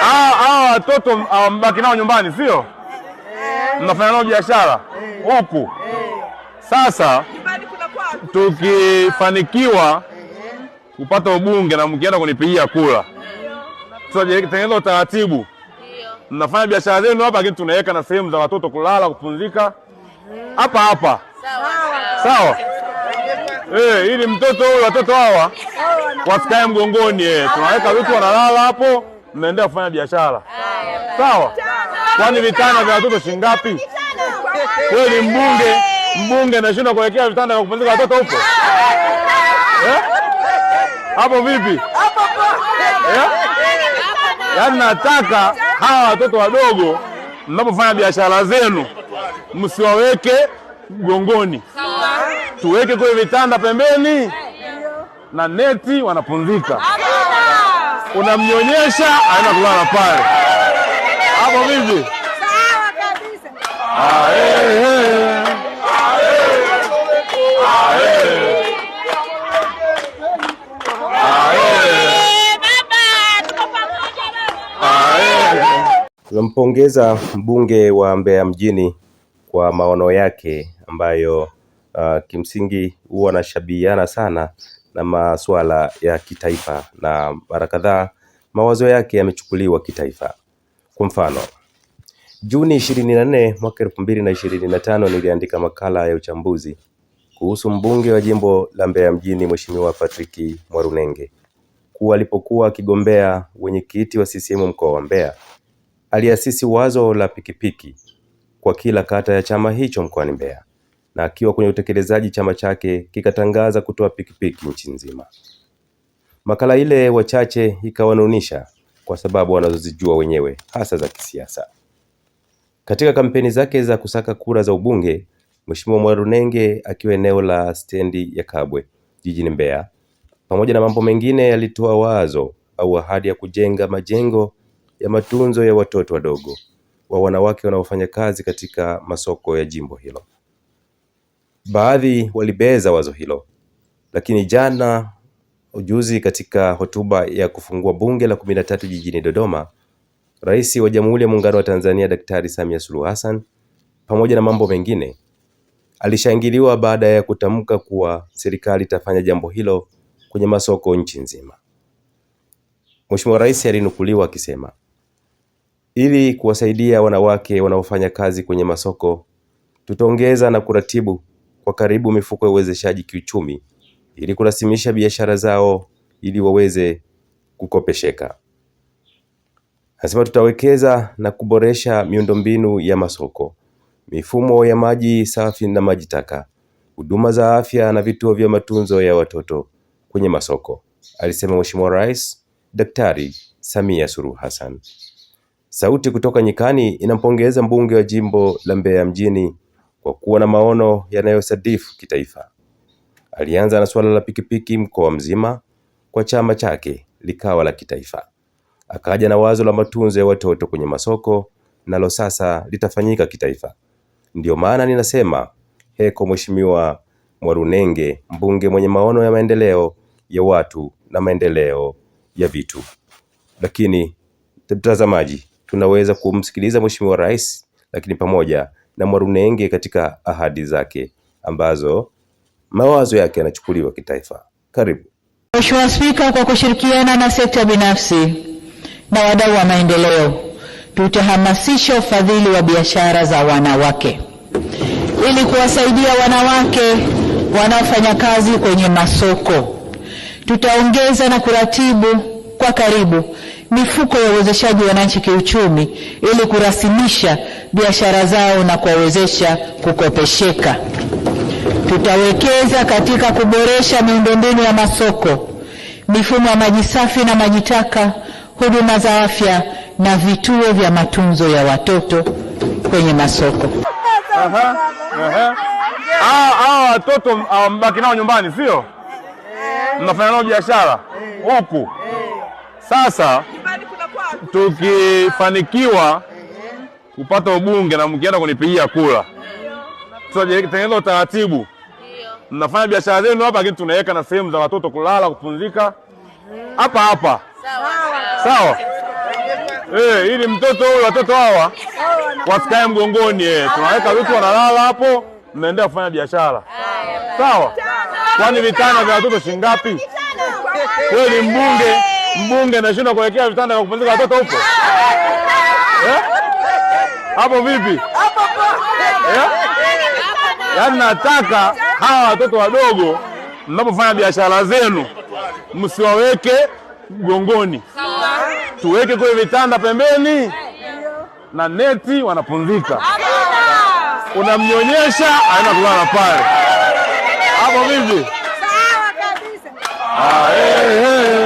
Hawa watoto mbaki nao nyumbani, sio eh. mnafanya nao biashara huku. Eh. Eh. Sasa tukifanikiwa kupata ubunge na mkienda kunipigia kura, tutatengeneza utaratibu, mnafanya biashara zenu hapa, lakini tunaweka na sehemu za watoto kulala, kupumzika hapa hapa, sawa eh, ili mtoto huyu watoto hawa wasikae mgongoni eh. Tunaweka vitu wanalala hapo, mnaendelea kufanya biashara sawa. Kwani vitanda vya watoto shingapi? Kweli mbunge mbunge anashindwa kuwekea vitanda vya kupumzika watoto huko eh? hapo eh? Vipi eh? Yaani nataka hawa watoto wadogo mnapofanya biashara zenu msiwaweke mgongoni tuweke kwenye vitanda pembeni na neti, wanapumzika. Unamnyonyesha aenda kulala pale hapo, vipi? Nampongeza mbunge wa Mbeya mjini kwa maono yake ambayo uh, kimsingi huwa anashabihiana sana na masuala ya kitaifa na mara kadhaa mawazo yake yamechukuliwa kitaifa. Kwa mfano, Juni 24 mwaka 2025 niliandika makala ya uchambuzi kuhusu mbunge wa jimbo la Mbeya mjini Mheshimiwa Patrick Mwalunenge kuwa alipokuwa akigombea wenyekiti wa CCM mkoa wa Mbeya aliasisi wazo la pikipiki kwa kila kata ya chama hicho mkoani Mbeya na akiwa kwenye utekelezaji chama chake kikatangaza kutoa pikipiki nchi nzima. Makala ile wachache ikawanunisha kwa sababu wanazozijua wenyewe hasa za kisiasa. Katika kampeni zake za kusaka kura za ubunge, Mheshimiwa Mwalunenge akiwa eneo la stendi ya Kabwe jijini Mbeya, pamoja na mambo mengine, yalitoa wazo au ahadi ya kujenga majengo ya matunzo ya watoto wadogo wa wanawake wanaofanya kazi katika masoko ya jimbo hilo. Baadhi walibeza wazo hilo, lakini jana ujuzi, katika hotuba ya kufungua bunge la kumi na tatu jijini Dodoma, Rais wa Jamhuri ya Muungano wa Tanzania Daktari Samia Suluhu Hassan, pamoja na mambo mengine, alishangiliwa baada ya kutamka kuwa serikali itafanya jambo hilo kwenye masoko nchi nzima. Mheshimiwa Rais alinukuliwa akisema, ili kuwasaidia wanawake wanaofanya kazi kwenye masoko tutaongeza na kuratibu kwa karibu mifuko ya uwezeshaji kiuchumi ili kurasimisha biashara zao ili waweze kukopesheka. Anasema tutawekeza na kuboresha miundombinu ya masoko, mifumo ya maji safi na maji taka, huduma za afya na vituo vya matunzo ya watoto kwenye masoko, alisema Mheshimiwa Rais Daktari Samia Suluhu Hassan. Sauti kutoka Nyikani inampongeza mbunge wa jimbo la Mbeya mjini kwa kuwa na maono yanayosadifu kitaifa. Alianza na suala la pikipiki mkoa mzima kwa chama chake likawa la kitaifa. Akaja na wazo la matunzo ya watoto kwenye masoko, nalo sasa litafanyika kitaifa. Ndiyo maana ninasema heko Mheshimiwa Mwalunenge, mbunge mwenye maono ya maendeleo ya watu na maendeleo ya vitu. Lakini mtazamaji, tunaweza kumsikiliza Mheshimiwa Rais, lakini pamoja na Mwarunenge katika ahadi zake ambazo mawazo yake yanachukuliwa kitaifa. Karibu Mheshimiwa Spika. Kwa kushirikiana na sekta binafsi na wadau wa maendeleo, tutahamasisha ufadhili wa biashara za wanawake ili kuwasaidia wanawake wanaofanya kazi kwenye masoko. Tutaongeza na kuratibu kwa karibu mifuko ya uwezeshaji wananchi kiuchumi ili kurasimisha biashara zao na kuwawezesha kukopesheka. Tutawekeza katika kuboresha miundombinu ya masoko, mifumo ya maji safi na maji taka, huduma za afya na vituo vya matunzo ya watoto kwenye masoko. Hawa watoto mbaki nao nyumbani, sio mnafanya nao biashara huku. Sasa tukifanikiwa kupata ubunge na mkienda kunipigia kula Tunatengeneza utaratibu, mnafanya biashara zenu hapa, lakini tunaweka na sehemu za watoto kulala, kupumzika hapa hapa, sawa eh, ili mtoto huyu, watoto hawa wasikae mgongoni. Eh, tunaweka vitu wanalala hapo, mnaendelea kufanya biashara, sawa. Kwani vitanda vya watoto shingapi ngapi? Kweli mbunge mbunge anashindwa kuwekea vitanda vya kupumzika watoto huko eh? hapo vipi? Eh? Yaani nataka hawa watoto wadogo, mnapofanya biashara zenu msiwaweke mgongoni, tuweke kwenye vitanda pembeni na neti, wanapumzika. Unamnyonyesha aenda kulala pale, hapo vipi? Ah, hey, eh, eh. hey.